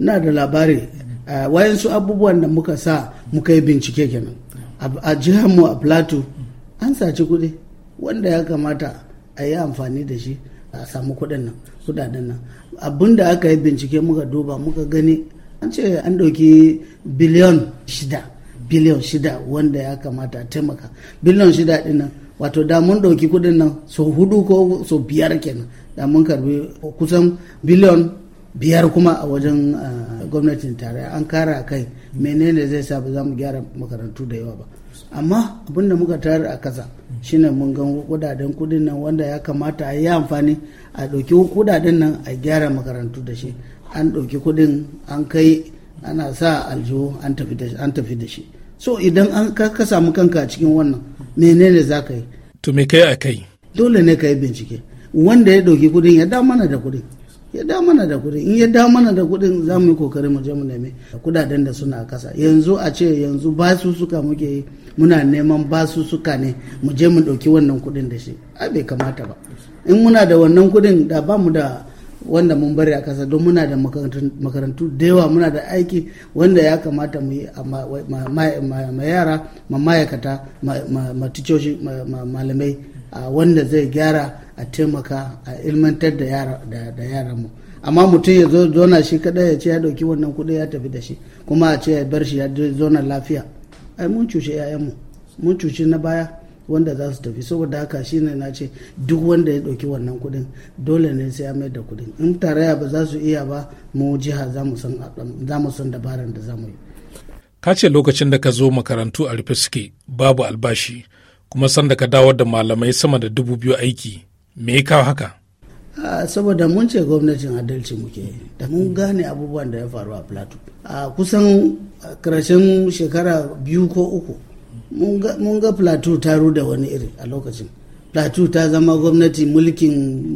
na da labari eh, wayansu abubuwan da muka sa muka yi bincike kenan a jihar mu a plateau an saci kuɗi wanda ya kamata a yi amfani da shi a samu kudin nan kudaden nan abin da aka yi bincike muka duba muka gani an ce an ɗauki biliyon shida biliyon shida wanda ya kamata taimaka biliyon shida ɗin wato da mun ɗauki kuɗin nan so hudu ko so biyar kenan da mun karbi kusan biliyon biyar kuma a wajen eh, gwamnatin tarayya an kara kai menene zai sa ba za mu gyara makarantu da yawa ba amma abin da muka tare a kasa shine mun ga kudaden kudin nan wanda ya kamata a yi amfani a ɗauki kudaden nan a gyara makarantu da shi an ɗauki kudin an kai ana sa aljihu an tafi da shi so idan an ka samu kanka a cikin wannan menene za ka yi to me kai a kai dole ne ka yi bincike wanda ya ɗauki kudin ya da mana da kudin ya da mana da kuɗin in ya da mana da kuɗin za mu yi kokari mu je mu nemi kudaden da suna kasa yanzu a ce yanzu basu suka muke yi muna neman basu suka ne mu je mu ɗauki wannan kuɗin da shi a bai kamata ba in muna da wannan kudin da ba mu da wanda mun bari a kasa don muna da makarantu da yawa muna da aiki wanda ya kamata mu yi ma yara ma ma'aikata ma ticoci malamai wanda zai gyara a taimaka a ilmantar da yaran mu amma mutum ya zo zona shi kadai ya ce ya dauki wannan kuɗi ya tafi da shi kuma a ce ya bar shi ya zona lafiya ai mun cuce mu mun cuce na baya wanda za su tafi saboda haka shine na ce duk wanda ya ɗauki wannan kuɗin dole ne sai ya mai da kudin in tarayya ba za su iya ba mu jiha za mu san dabaran da za mu yi ka ce lokacin da ka zo makarantu a rufe suke babu albashi kuma sanda ka dawo da malamai sama da dubu biyu aiki me ya kawo haka ah, saboda mun ce gwamnatin adalci muke da mun gane abubuwan da ya faru a plateau a ah, kusan karshen shekara biyu ko uku mun ga plateau ta da wani iri a lokacin plateau ta zama gwamnati mulkin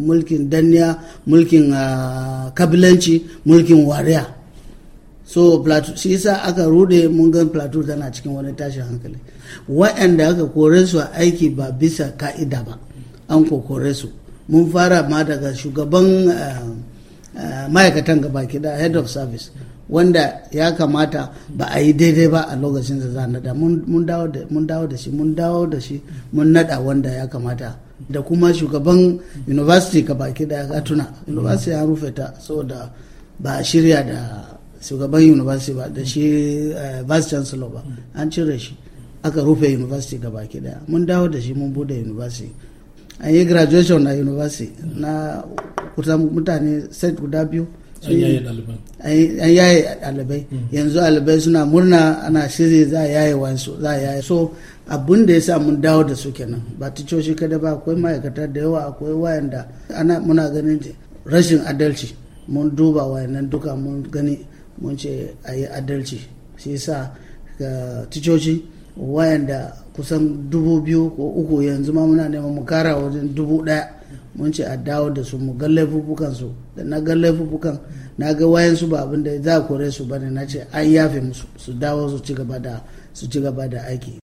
mulkin danniya mulkin ah, kabilanci mulkin wariya so plateau shi yasa aka rude mun gan plateau tana cikin wani tashin hankali waɗanda aka kore su a aiki ba bisa ka'ida ba an kokore su mun fara ma daga shugaban eh, eh, ma'aikatan gaba da head of service wanda ya kamata ba a yi daidai ba a lokacin da za a nada mun dawo da shi mun dawo da shi mun nada wanda ya kamata da kuma shugaban university ka baki da tuna university ya rufe ta saboda ba shirya da shugaban university ba da shi eh, vice chancellor ba an cire shi aka rufe university ga baki daya mun dawo da shi mun bude university an yi graduation na university na kusan mutane set guda biyu an yaye ɗalibai hmm. yanzu ɗalibai suna murna ana shiri za a yaye wansu za a yaye so abun da ya sa mun dawo da su kenan ba coci kada ba akwai ma'aikata da yawa akwai wayanda ana muna ganin rashin adalci mun duba wayannan duka mun gani mun ce a yi adalci shi sa ga ticoci wayanda kusan dubu biyu ko uku yanzu ma muna neman mu kara wajen dubu daya mun ce a dawo da su mu galle laifukan su da na ga fufukan na ga wayan su ba abin da za a kore su ba ne na ce an yafe musu su dawo su ci da su ci gaba da aiki